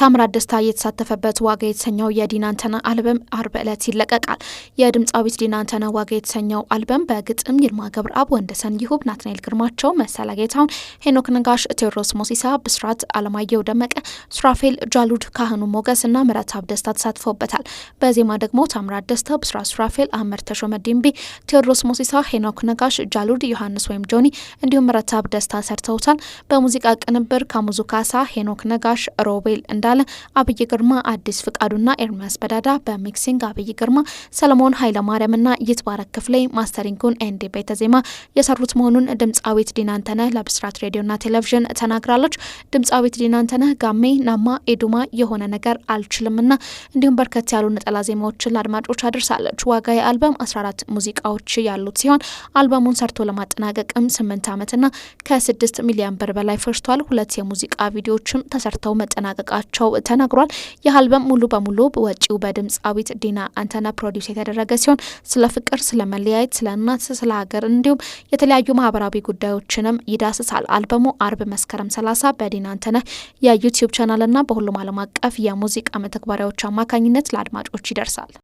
ታምራት ደስታ የተሳተፈበት ዋጋ የተሰኘው የዲናንተና አልበም አርብ ዕለት ይለቀቃል። የድምፃዊት ዲናንተና ዋጋ የተሰኘው አልበም በግጥም ይልማ ገብረአብ፣ ወንደሰን ይሁብ፣ ናትናኤል ግርማቸው፣ መሰላ ጌታሁን፣ ሄኖክ ነጋሽ፣ ቴዎድሮስ ሞሲሳ፣ ብስራት አለማየሁ፣ ደመቀ ሱራፌል፣ ጃሉድ ካህኑ፣ ሞገስ እና ምረታብ ደስታ ተሳትፈውበታል። በዜማ ደግሞ ታምራት ደስታ፣ ብስራት ሱራፌል፣ አህመድ ተሾመ ዲምቢ፣ ቴዎድሮስ ሞሲሳ፣ ሄኖክ ነጋሽ፣ ጃሉድ ዮሐንስ ወይም ጆኒ እንዲሁም ምረታብ ደስታ ሰርተውታል። በሙዚቃ ቅንብር ካሙዙ ካሳ፣ ሄኖክ ነጋሽ፣ ሮቤል እንዳ እንዳለ አብይ ግርማ፣ አዲስ ፍቃዱና ኤርሚያስ በዳዳ በሚክሲንግ አብይ ግርማ፣ ሰለሞን ኃይለማርያምና ይትባረክ ክፍሌ ማስተሪንጉን ኤንዲ ቤተ ዜማ የሰሩት መሆኑን ድምፃዊት ዲናንተነህ ለብስራት ሬዲዮና ቴሌቪዥን ተናግራለች። ድምፃዊት ዲናንተነህ ጋሜ፣ ናማ፣ ኤዱማ የሆነ ነገር አልችልምና እንዲሁም በርከት ያሉ ነጠላ ዜማዎችን ለአድማጮች አድርሳለች። ዋጋ የአልበም 14 ሙዚቃዎች ያሉት ሲሆን አልበሙን ሰርቶ ለማጠናቀቅም ስምንት ዓመትና ከስድስት ሚሊዮን ብር በላይ ፈጅቷል። ሁለት የሙዚቃ ቪዲዮዎችም ተሰርተው መጠናቀቃቸው መሆናቸው ተናግሯል። ይህ አልበም ሙሉ በሙሉ ወጪው በድምፃዊት ዲና አንተና ፕሮዲውስ የተደረገ ሲሆን ስለ ፍቅር፣ ስለ መለያየት፣ ስለ እናት፣ ስለ ሀገር እንዲሁም የተለያዩ ማህበራዊ ጉዳዮችንም ይዳስሳል። አልበሙ አርብ መስከረም ሰላሳ በዲና አንተነህ የዩቲዩብ ቻናልና በሁሉም ዓለም አቀፍ የሙዚቃ መተግበሪያዎች አማካኝነት ለአድማጮች ይደርሳል።